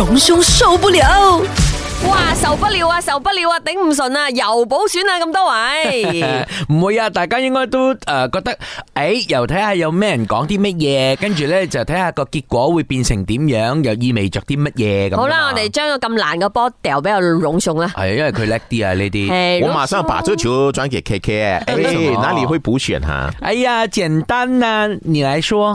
榮兄受不了，哇，受不了啊，受不了啊，頂唔順啊，又補選啊，咁多位，唔會啊，大家應該都誒覺得，誒，又睇下有咩人講啲乜嘢，跟住咧就睇下個結果會變成點樣，又意味着啲乜嘢咁。好啦，我哋將個咁爛嘅波掉俾個榮兄啦。係，因為佢叻啲啊呢啲。我馬上把隻球轉給 K K，誒，哪裏會補選吓？哎呀，簡單啊，你來說。